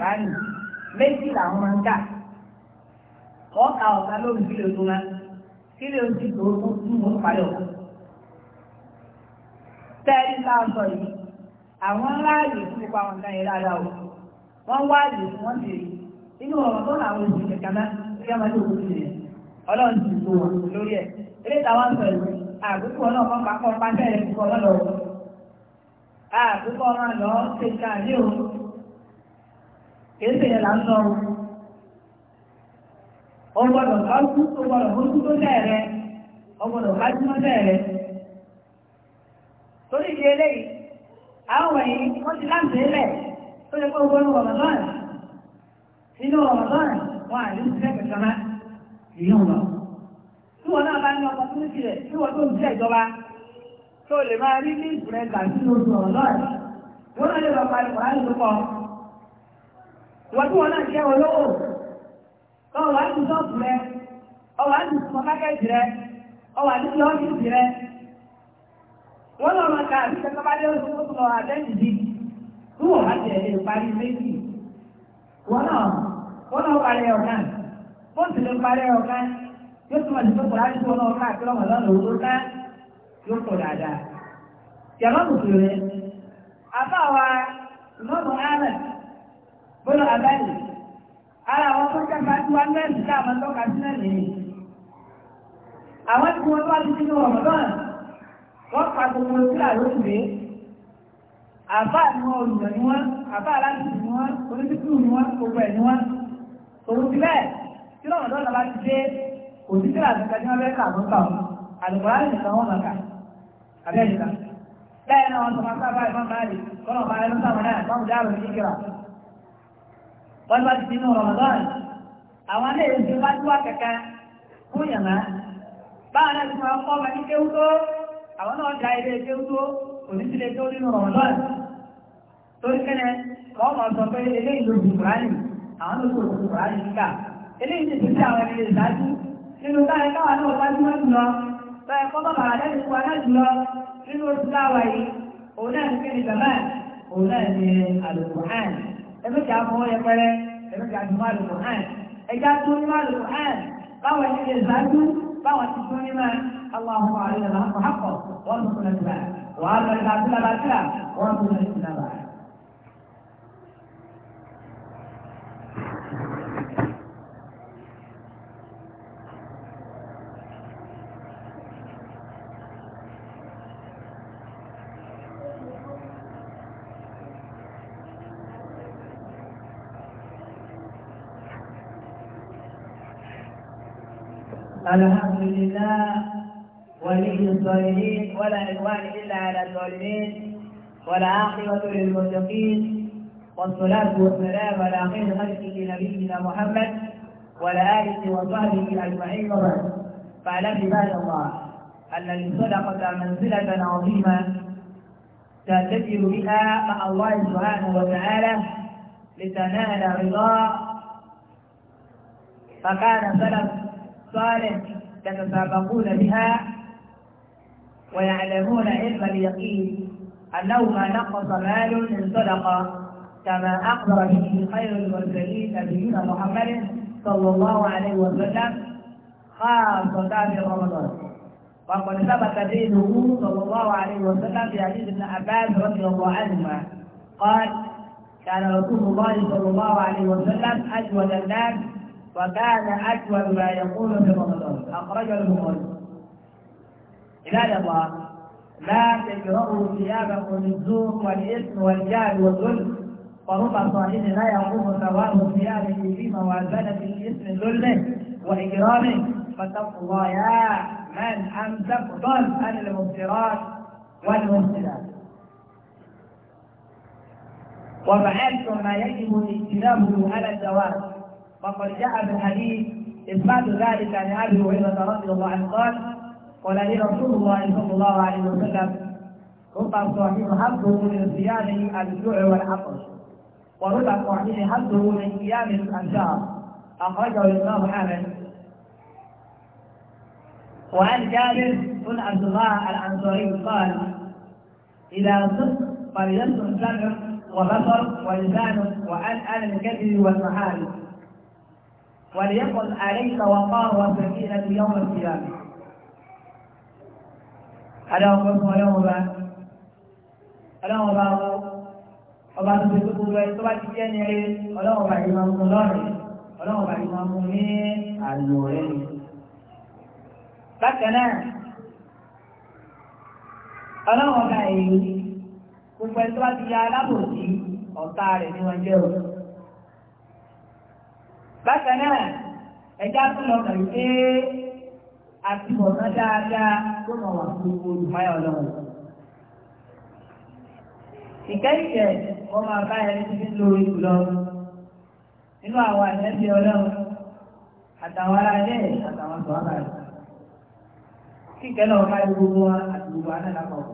kùránì méjì làwọn máa ń kà ka ọ̀sán lórí kílè oṣù náà kílè oṣù tó tó tún mọ́ parí ọ̀kan. tẹ́lí náà sọ yìí àwọn láàyè fún ipa wọn náà yẹn dáadáa o wọ́n fún wọn inú ọ̀rọ̀ tó làwọn oṣù kẹ̀kẹ́ náà máa ń ọlọ́run ti tó wọn lórí ẹ̀ eré táwọn sọ yìí fún kéèsè yẹn là sọ o gbọ́dọ̀ ká kú o gbọ́dọ̀ mójú tó tẹ̀rẹ o gbọ́dọ̀ ká jí mọ́ tẹ̀rẹ torí ìdí eléyìí àwọn yìí wọ́n ti láǹtì lẹ̀ tó yẹ kó gbọ́dọ̀ Ramadan nínú Ramadan wọn àti ìṣẹ́ kẹsàn án ìyóò lọ tí wọn náà bá ní ọkọ tó ń tilẹ̀ tí wọn tó ń tilẹ̀ ìjọba tó lè máa rí ní ìbùrẹ́ gà sínú oṣù Ramadan wọn náà lè lọ parí wàhálà tó kọ́ wọ́n tí wọ́n náà jẹ́ wọn lówó ọwà ní rẹ ọwà ní supermarket rẹ ọwà rẹ wọ́n lọ́ọ́ máa ka olówó tó lọ wọ́n bá parí méjì wọ́n náà wọ́n náà parí bó ti lè parí yóò tún tó kọ̀ lọ́nà òwúrọ̀ bọ́lọ̀ abáyé ara àwọn tó kẹfà tí wọ́n náà sí àwọn tó kà sílẹ̀ nìyí àwọn tí wọ́n bá ti sínú ọ̀rọ̀ náà wọ́n pa gbogbo sílà lóṣùwé àbá ni wọn olùmọ̀ ni wọn àbá aláṣẹ ni wọn onídìkú ni wọn gbogbo ẹ̀ ni wọn tòun ti bẹ́ẹ̀ tí wọ́n lọ́dọ̀ bá ti dé òṣìṣẹ́ àtúntà ní wọ́n fẹ́ kà ló kà ọ́ àlùkòrá lè nìkan wọn màkà abẹ́ nìkan bẹ́ẹ̀ náà wọn tọ́ wọ́n bá ti di inú Ramadan àwọn alẹ́ ìdí wá tí wá kẹ̀kẹ́ fún yàmá báwọn náà ti máa kọ́ ọmọ ní kéwú tó àwọn náà da ilé kéwú tó tó nínú Ramadan torí kẹ́nẹ́ wọ́n mọ̀ sọ pé eléyìí ló dùn kúránì àwọn ló dùn kúránì níkà eléyìí ti ti àwọn ilé ìdájú nínú táyé káwọn náà wá sí mọ́tò lọ bẹ́ẹ̀ kọ́ bàbà àdáyé fún wa náà jùlọ nínú oṣù láwàyí ẹ̀mẹ́kì àfọwọ́ yẹpẹrẹ ẹ̀mẹ́kì àdùnmọ́ àlùkò hàn ẹ̀já tó ní àlùkò hàn báwọn ẹni lè ṣáájú báwọn ti tó ní máa àwọn àwọn àlejò الحمد لله ولي الصالحين ولا عدوان إلا على الظالمين والعاقبة للمتقين والصلاة والسلام على خير خلقه نبينا محمد وعلى آله وصحبه أجمعين وبعد فاعلم عباد الله أن للصدقة منزلة عظيمة تعتبر بها مع الله سبحانه وتعالى لتنال رضاه فكان سلف صالح يتسابقون بها ويعلمون علم اليقين أنه ما نقص مال من صدقة كما أخبر به خير المرسلين نبينا محمد صلى الله عليه وسلم خاصة في رمضان وقد ثبت دينه صلى الله عليه وسلم في عزيز بن عباس رضي الله عنهما قال كان رسول الله صلى الله عليه وسلم أجود الناس وكان أكبر ما يقول في رمضان أخرجه البخاري إلى الله لا تجرؤوا ثيابكم الزور والإثم والجهل والذل فهما صاحب لا يقوم ثواب ثيابه في موازنة الإثم ذله وإكرامه فاتقوا الله يا من أم تفضل عن المبصرات والمبصرات وفعلتم ما يجب اجتنابه على الزواج وقد جاء في الحديث إثبات ذلك عن أبي هريرة رضي الله عنه قال قال لي رسول الله صلى الله عليه وسلم رب صاحب حظه من صيام الجوع والعطش ورب صاحب حظه من قيام الشهر أخرجه الإمام أحمد وعن جابر بن عبد الله الأنصاري قال إذا صدق فليصدق سمع وبصر ولسان وعن أهل الكذب والمحال وليكن عليك وقار وسكينة يوم القيامة ألا أقسم يوم أبا ألا أبا ọba tó ti gbogbo ẹ tó bá ti jẹ́ ní ẹ ọlọ́run bá yìí máa mú lọ́rẹ̀ ọlọ́run bá yìí máa mú ní àlò rẹ̀ ni. bákan náà ọlọ́run bá yìí gbogbo ẹ tó bá ti ya alábòsí ọ̀tá rẹ̀ ni wọ́n jẹ́ òun. bákan ẹja tún lọ kàn pé àti bọ̀nà dáadáa tó mọ̀ wà fún olùmáyà ọlọ́run. ìkẹ́kẹ́ wọ́n máa bá ẹni tí ń lo ìlú lọ nínú àwọn àìsẹ́bí ọlọ́run àtàwọn ará ilé àtàwọn rẹ̀. gbogbo wa àti gbogbo lápapọ̀.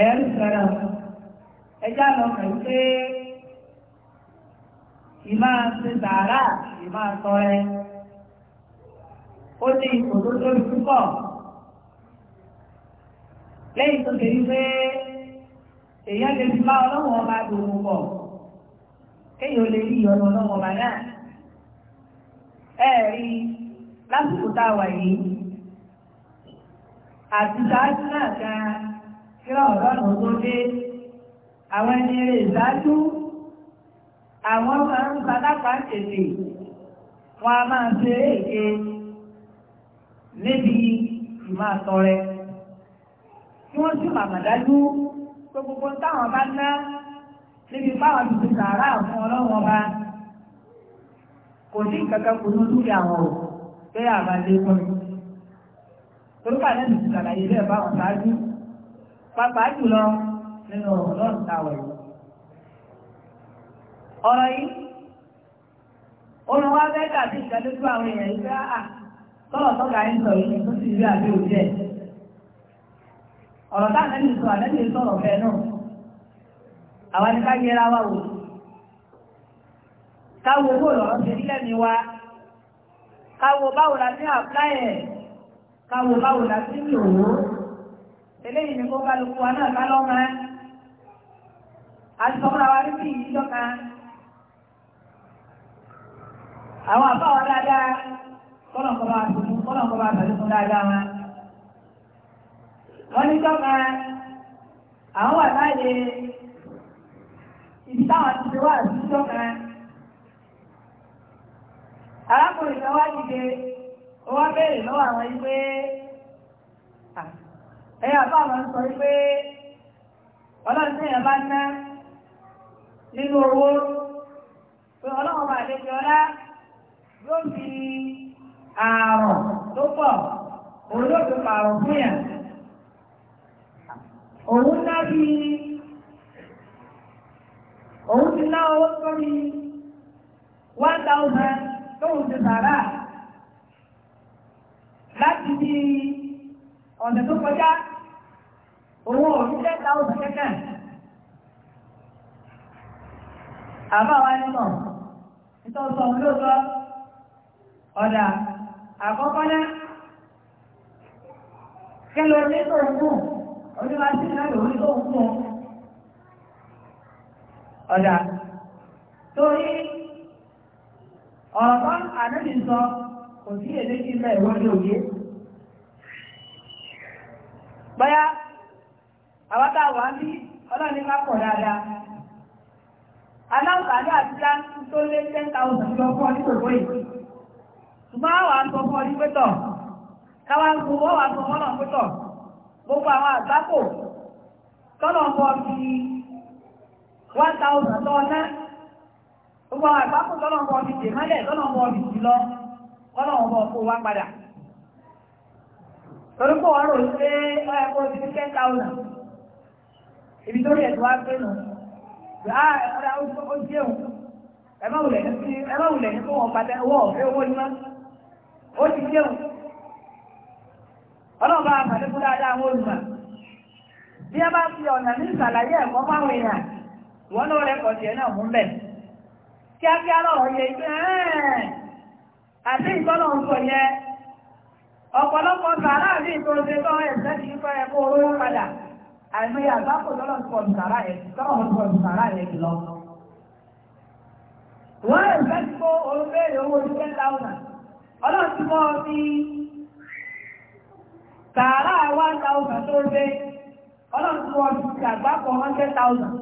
ẹ̀yẹ́ sọ̀rọ̀ ẹja lọ ìmá ṣe sàárà ìmá tọrẹ ó ní ipò púpọ̀ lẹ́yìn tó ṣe wípé èèyàn lè fi bá ọlọ́wọ́ ọba dòwò pọ̀ kéèyàn lè rí ìyọnu ọlọ́wọ́ ọba náà ẹ rí lásìkò tá a wà yìí àti ṣáájú náà ga kíra ọ̀rọ̀ ọ̀nà tó dé àwọn ẹni rè ṣáájú àwọn máa ń sadápa tètè wọn a máa ṣe èké níbi ìmọ̀ àtọrẹ tí wọ́n sì màmá dájú pé gbogbo táwọn bá ná níbi báwọn ti fi sàárà fún ọlọ́wọ́n bá kò sí kankan kò ní lórí àwọn ò pé àbálé fún mi torúkà náà ti sàlàyé bẹ́ẹ̀ báwọn ṣáájú pàápàá jùlọ nínú ọ̀rọ̀ náà táwọn yìí ọ̀rọ̀ yìí olùwà bẹ́ẹ̀ dàbí ìdádójú àwọn èèyàn yìí bá à ah, tọ́lọ̀ tọ́ka ń sọ yìí tó ti rí àbí òbí ẹ̀ ọ̀rọ̀ táà lẹ́nu sọ àlẹ́nu sọ̀rọ̀ fẹ́ náà àwa ni ká yẹra wa wò káwo owó lọ́rọ́ ṣe nílẹ̀ mi wa káwo báwo la ní àpláì ẹ̀ káwo báwo la sí ní òwò eléyìí ni kó kálukú wa náà ká lọ́ máa àti sọ́kúnra wa rí sí ìyíjọ́ kan. àwọn àbáwọ̀ dáadáa kọ́lọ̀kọ́ba àtúntún kọ́lọ̀kọ́ba àtàlẹ́kùn dáadáa wọn. wọ́n ní tọ́ka àwọn wà láàyè ibi táwọn ti fi wá àti tọ́ka. arákùnrin kan wá dìde ó wá béèrè lọ́wọ́ àwọn yìí pé ẹ̀yà wọn sọ yìí pé ọlọ́run tí èèyàn bá ná nínú owó pé ọlọ́run yóò fi ààrùn tó pọ̀ òun yóò fi pààrùn fún yà òun ná bí òun ti ná owó sórí one thousand tóun ti sàrà láti bí ọ̀nà tó kọjá òun ò ní ten thousand kẹ́kẹ́ àbáwá nínú ìtọ́sọ̀ lóòótọ́. ọ̀dà àkọ́kọ́ náà kẹlò ní tó ń kù oníwà sí náà lòun tó ń ọ̀dà torí ọ̀rọ̀ sọ kò sí èdè kí ìwọ́n ní òye bá pọ̀ dáadáa aláǹkàdé àti tó lé ṣùgbọ́n àwọn àtọ́kọ́ ní pẹ́tọ̀ káwá ń gbowó gbogbo àwọn àgbákò tọ́nà bọ́ fi one gbogbo àwọn àgbákò tọ́nà bọ́ fi dè mọ́lẹ̀ tọ́nà bọ́ fi sí lọ tọ́nà bọ́ wọ́n rò pé ọ̀yà kó ní ten ibi tó yẹ tó wá pé nù ọ̀rẹ́ àwọn ojú ẹ̀wọ̀n ní kó wọ́n ọ̀fẹ́ owó ó ti jẹun ọlọ́ọ̀bá àpàdé fún dáadáa àwọn olùmọ̀ bí a bá fi ọ̀nà ní ìsàlàyé ẹ̀kọ́ fáwọn èèyàn wọ́n ló rẹ̀ ẹ̀ náà mú kíákíá lọ́rọ̀ yẹ àti ọ̀pọ̀lọpọ̀ sàárà ní ti ń padà àìmọ́ ọlọ́run ní tààrà 1000 tó rẹ̀ ọlọ́run ní àgbápọ̀ 100,000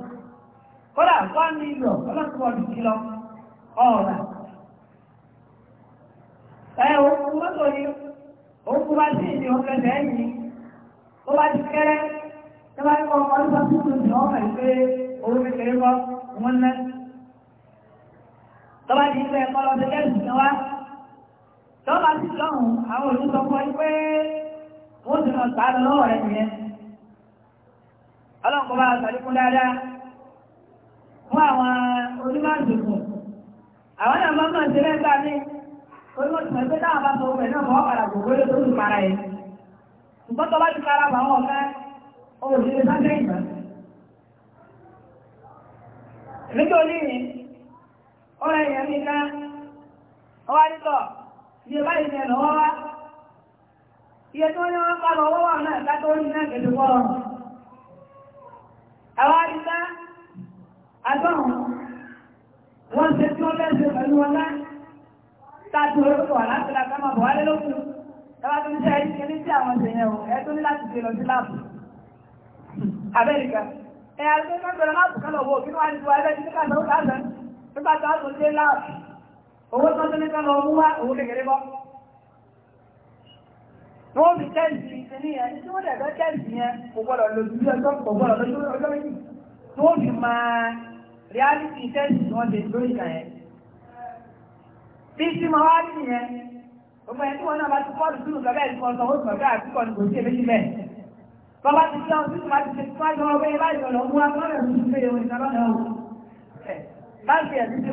kódà 1 million ọlọ́run ti mọ́ ní kìlọ ẹ̀ òkú mọ́tò ní òkú bá sí ìdí ọ̀kẹ́lẹ̀ ẹ̀yìn ó bá ti kẹ́rẹ́ ní ọmọ tọ́ba ti lọ́hùn àwọn òṣèlú pé wọ́n ti lọ gbà lọ́wọ́ rẹ̀ nìyẹn ọlọ́run kọ́ bá sàlékún dáadáa fún àwọn onímọ̀-àdùnkùn àwọn náà máa máa ṣe lẹ́gbà ní onímọ̀ bá sọ ọmọ náà mọ́ ọ̀kadà gbogbo ló tó para ẹ̀ ṣùgbọ́n ti bà wọ́n iye báyìí ní ẹ̀lọ́wọ́ wá iye tó ní wọ́n pàlọ̀ owó wà náà látó ní náà kẹ̀lẹ̀ pọ̀rọ̀ àwọn àríṣà àtọ́hùn wọ́n ṣe tí wọ́n fẹ́ ṣe pẹ̀lú wọn lá, tàbí orúkọ wà láti ra ká máa bọ̀ wálé lókun ẹwà tó ń ṣe ẹ̀rí kí ní sí àwọn ṣèyàn ò ẹ tó ní láti ṣe lọ sí láàbù Amẹ́ríkà ẹ̀ àti pé kọ́ńtọ̀rọ̀ láàbù kan lọ wo òfin owó tó tó nípa lọ mú owó kékeré bọ́. Wọ́n fi tẹ́ǹtì ìsinmi yẹn tí wọ́n dẹ̀ fẹ́ tẹ́ǹtì yẹn kò gbọ́dọ̀ lójú ọjọ́ kò bá ti kọ́ọ̀dù sínú lọ́bẹ̀ ẹ̀dùn kan sanwó sọ̀rọ̀ káà kíkọ́ ni kò sí ebéjì bẹ́ẹ̀. Bọ́lá ti ṣe ọ̀hún sí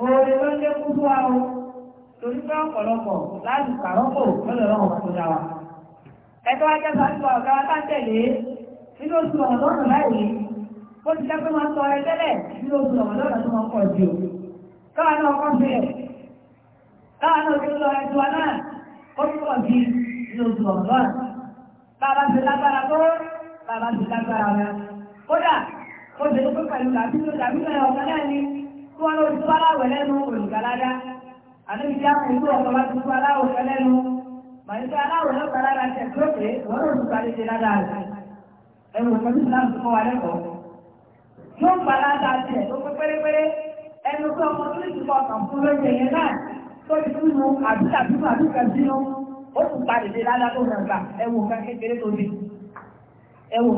oore ló ń lékún fún wa o torí pé ọ̀pọ̀lọpọ̀ láti pàrọ́pọ̀ lọ́dọ̀ lọ́wọ́ tó dá wa. ẹ̀tọ́ wa jẹ́sà ń gba ọ̀gá wa tá tẹ̀lé nínú oṣù ọ̀mọ̀lọ́rùn láìní bó ti jẹ́ pé wọ́n sọ ẹ tẹ́lẹ̀ nínú oṣù ọ̀mọ̀lọ́rùn tó wọ́n pọ̀ jù. káwa náà kọ́ sí ẹ̀ káwa náà ti lọ ẹ̀tọ́ wa náà ó ti pọ̀ sí nínú oṣù ọ̀mọ̀lọ́rùn. bàbá ti lágbára tí wọ́n lọ sí aláwẹ̀ lẹ́nu olùgbàládá àdébí já kò tó ọ̀pọ̀ láti sí aláwẹ̀ lẹ́nu màlúkẹ́ aláwẹ̀ lọ́pàá lára tẹ̀ tó pé wọ́n lọ sí aláwẹ̀ lẹ́nu dáadáa ẹ̀rù pẹ̀lú ìsìlámù tó wà lẹ́kọ̀ọ́. yóò gbàládá tẹ̀ tó pé pérépéré ẹnu tó ọmọ tó ti kọ ọkàn fún lóye yẹn náà tó ti fún mu àbí àbí àbí kẹsínú ó sì padì dé ládá tó nà gbà ẹ̀wù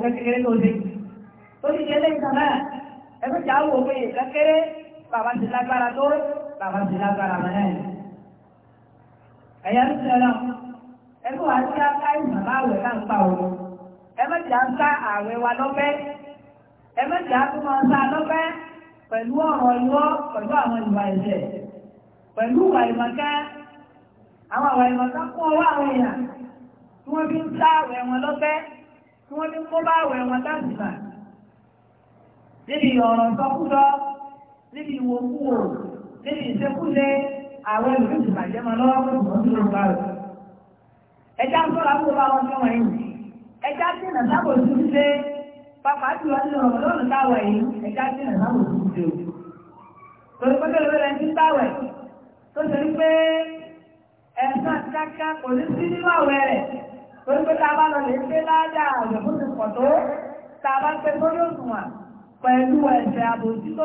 kékeré kékeré tó dé bàbá ti lágbára tó bàbá ti lágbára mọ́ náà. ẹ̀yà ń sọ lọ ẹgbẹ́ wa ti aká ìmọ̀ láwẹ̀ náà ń pa òun ẹ má jà ń ká ààwẹ̀ wa lọ́fẹ́ ẹ má jà ń kúmọ̀ sá lọ́fẹ́ pẹ̀lú ọ̀rọ̀ ìwọ́ pẹ̀lú àwọn ìwà ẹ̀jẹ̀ pẹ̀lú ìwà ìmọ̀ká àwọn ìwà ìmọ̀ká kún ọwọ́ àwọn èèyàn tí wọ́n fi ń sá ààwẹ̀ wọn lọ́fẹ́ tí wọ́n fi ń kó bá ààwẹ̀ wọn láti bà níbi ọ̀rọ̀ sọkúdọ́ níbi ìwòkúwò níbi ìṣekúṣe àwọn ìlú ti bàjẹ́ máa lọ́wọ́ pé kò sí lóun bá rẹ̀. ẹja ń sọ̀rọ̀ àbúrò báwọn tí wọ́n yìí ẹja tí ìnà sábò sí ń ṣe pàpà tí wọ́n ti rọ̀ lọ́nà táwọ̀ yìí ẹja tí ìnà sábò sí ń ṣe o. torí pé kí lóore ti táwẹ̀ tó ṣe ní pé ẹ̀sán kíákíá kò ní sí nínú àwẹ̀ rẹ̀ torí tá a bá lọ lè gbé ládàá àwẹ̀ bó ti pọ̀ tó tá a bá gbé sórí òṣùwọ̀n pẹ̀lú ẹ̀sẹ̀ àbòsí tó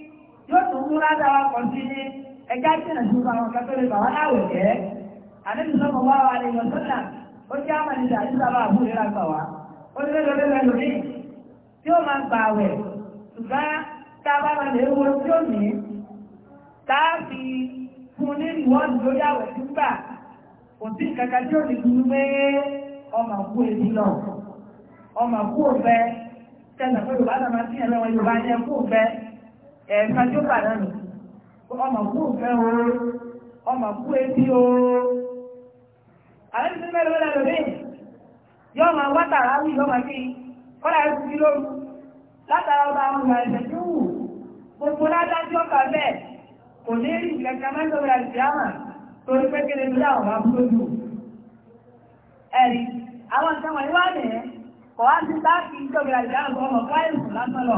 yóò tún múra dára pọ̀ sí ní ẹja jìnà sí àwọn kẹtọ́lẹ̀ bàwá láwẹ̀ jẹ́ àdébí sọ́mọ wá wa ní ìwọ̀sọ́nà ó jẹ́ àmàlìjà àdísábà àbúrẹ́ ra gbà wá ó lé lọ́lẹ́ lọ lórí tí ó máa gbà wẹ̀ ṣùgbọ́n tá a bá lọ lè wo tí ó ní tá a fi fún ní ìwọ́ọ̀dù lórí àwẹ̀ tí ń gbà kò sí kankan tí ó ní dúró pé ọmọ kú èdè lọ ọmọ kú òfẹ́ tẹ̀sán pé Yorùbá náà máa ń ẹ̀ẹ̀kan tí ó bà náà nì ọmọ kú òfẹ́ o ọmọ kú etí o àlejò mẹ́rin mẹ́rin lòdì yọ ọmọ wátàrà wù yọ ọmọ sí kọ́lá ẹ̀kú sí lóru látara ọba àwọn ọmọ ẹ̀sẹ̀ tó wù gbogbo ládájọ́ ọkà bẹ́ẹ̀ kò ní rí ìgbẹ̀ka mẹ́tọ́ rẹ̀ sí àmà torí pé kéde tó dáhùn máa búrò jù ẹ̀rí àwọn ìṣẹ́wọ̀n yóò wà nìyẹn kọ̀ wá sí táàkì ìjọba ìjọba ọmọ káyọ̀ lásán lọ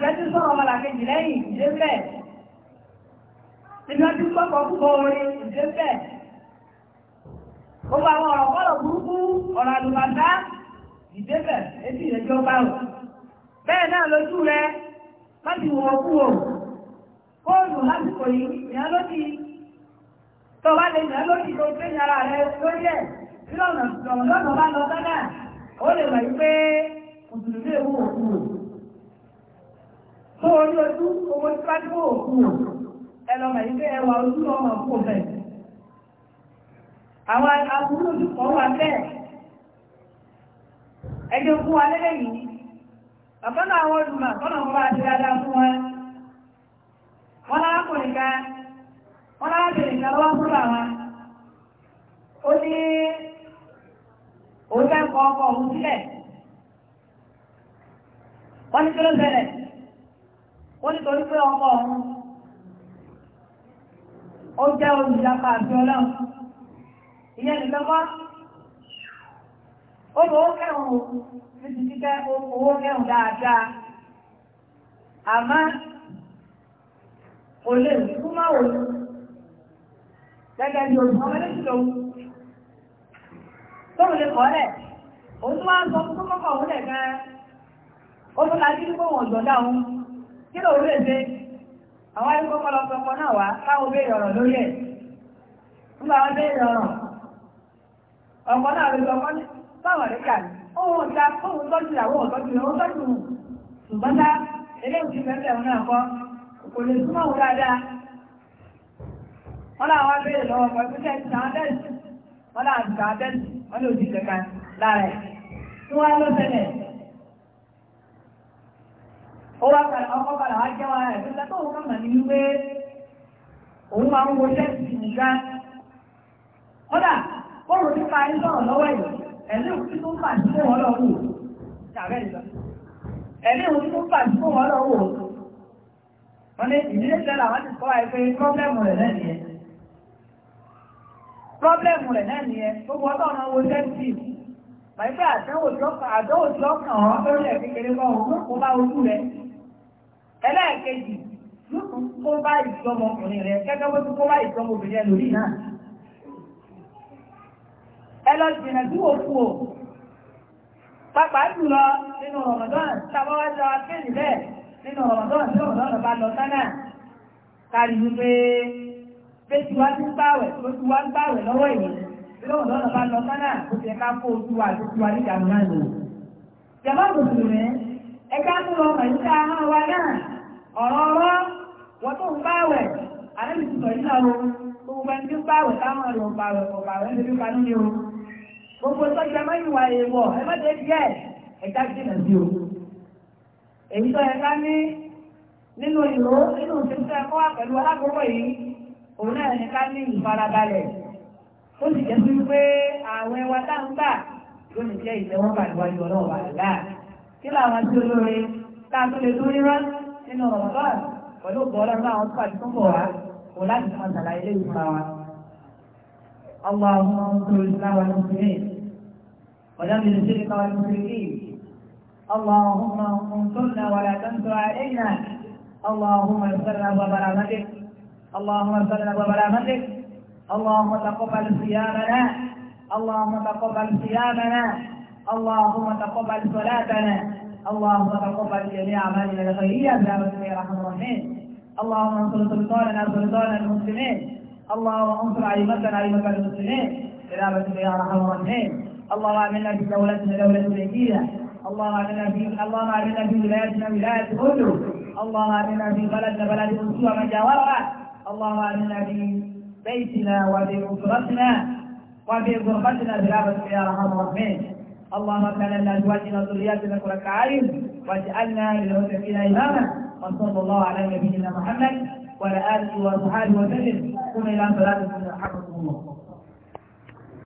Jẹ́tí sọ̀rọ̀ ọmọlàkejì lẹ́yìn ìdébẹ̀. Ìnájú pọ̀pọ̀ púpọ̀ orin ìdébẹ̀. Gbogbo àwọn ọ̀rọ̀ kọ́lọ̀ burúkú ọ̀rọ̀ àlùbàdá ìdébẹ̀ etí ìrẹ́jọ́ bá wò. Bẹ́ẹ̀ náà lójú rẹ láti wọ̀ kú o. Fóònù lásìkò yìí ìyá lódì. Tọ́ba lè yàn lódì tó gbé yàrá rẹ lórí ẹ̀. Bí ọ̀nà lọ́nà bá lọ sọ́dà, ó lè wà wípé òtùnú lè wù òkú o. tó orí ojú owó tí wájú kó ẹlọmọ yìí ẹwà ojú ọmọ kó bẹ̀. àwọn wà bẹ́ẹ̀ fún wa lẹ́lẹ́ yìí bàbá náà tọ́nà bá ti dáadáa fún wa lọ́wọ́ fún ó ní òun fẹ́ kọ́ ọkọ̀ òun sílẹ̀ ó nítorí pé ọmọ ọ̀hún ó jẹ́ olùyapa àti ọlọ́run ìyẹn nìkan o ó lọ ó kẹ́hùn ní ti kíkẹ́ owó kẹ́hùn dáadáa àmọ́ kò lè kú máa wò gẹ́gẹ́ bí olùkọ́ mẹ́lẹ́sì lòun tóun lè kọ́ lẹ̀ òun tó wá sọ fún kọ́kọ́ òun lẹ̀ gan-an ó tó lajú kí ló lè ṣe àwọn ikú náà wá káwọn béèrè ọ̀rọ̀ lórí ẹ̀ nígbà wọn béèrè ọ̀rọ̀ ọ̀pọ̀ náà lè sọpọ́ sáwọn àríkà ohun ọ̀tá ohun tọ́jú ọ̀tọ́jú tọ́jú kò lè súnmọ́ dáadáa wọ́n láwọn lọ́wọ́ ìpínlẹ̀ àwọn wọ́n láwọn ti wọ́n lè òjì kẹ̀kẹ́ ọwọ́ ọkọ̀ padà wá jẹ́ wa ẹ̀ tó tó kọ́ mà ní wípé òun máa ń wo ṣẹ́ẹ̀sì nìkan. kódà bóòrò nípa ẹ̀ sọ̀rọ̀ yìí ẹ̀lẹ́ òkú tó ń fà sí fún wọn lọ́wọ́ ẹ̀lẹ́ òkú tó ń fà sí fún wọn lọ́wọ́ wọ́n ní ìdílé sẹ́lá wọ́n ti kọ́ ẹ pé pọ́blẹ́mù náà nìyẹn pọ́blẹ́mù rẹ̀ náà nìyẹn gbogbo wo ẹlẹ́ẹ̀kejì yóò tún kó bá ìjọmọkùnrin rẹ gẹ́gẹ́ bó tún kó bá ìjọmọbìnrin rẹ lórí náà ẹ lọ jìnà tí wò fún o pàpà jùlọ nínú Ramadan tàbá wá jọ akéèlì bẹ́ẹ̀ nínú Ramadan tí Ramadan bá lọ sánà kárí wípé bẹ́ẹ̀ wá ń gbàwẹ̀ tó ti wá ń gbàwẹ̀ lọ́wọ́ ìwé lọ́wọ́ lọ́nà bá lọ sánà kó ti ẹ̀ka kó ojú wa àti ojú wa níjà náà lò. jàmbá gbòòrò ẹ̀ka tó lọ mọ̀ nípa ahọ́n wa náà ọ̀rọ̀ ọwọ́ wọ́n tó ń báwẹ̀ àrẹ́bì ti sọ yíla ó sì jẹ́ sí pé àwẹ̀ wa táwọn gbà ló ní jẹ́ ìtẹ́wọ́gbà níwájú ọlọ́ọ̀bà láà kí làwọn tí olóore ká tó lè lórí rán nínú ọ̀rọ̀ náà pẹ̀lú bọ́ọ̀lọ́ náà wọ́n pàdé tó bọ̀ wá kò láti máa ṣàlàyé lè wúra wa. اللهم انصر الاسلام والمسلمين ودمر الشرك والمشركين اللهم انصرنا ولا تنصر علينا اللهم ارسلنا ببرامتك اللهم ارسلنا ببرامتك اللهم تقبل صيامنا اللهم تقبل صيامنا اللهم تقبل صلاتنا اللهم تقبل جميع اعمالنا الخيريه يا رب يا ارحم الرحيم اللهم انصر سلطاننا سلطان المسلمين اللهم انصر عيمتنا ائمه المسلمين يا رب يا ارحم الرحيم اللهم امنا في دولتنا دوله الجيده اللهم امنا في اللهم امنا في ولايتنا ولايه كله اللهم امنا في بلدنا بلد الاسود ومن جاورها اللهم امنا في بيتنا وفي اسرتنا وفي غربتنا برحمتك يا ارحم الراحمين اللهم كان ازواجنا وذرياتنا قرة اعين واجعلنا للمتقين اماما وصلى الله على نبينا محمد وعلى اله وصحبه وسلم قم الى صلاتكم رحمكم الله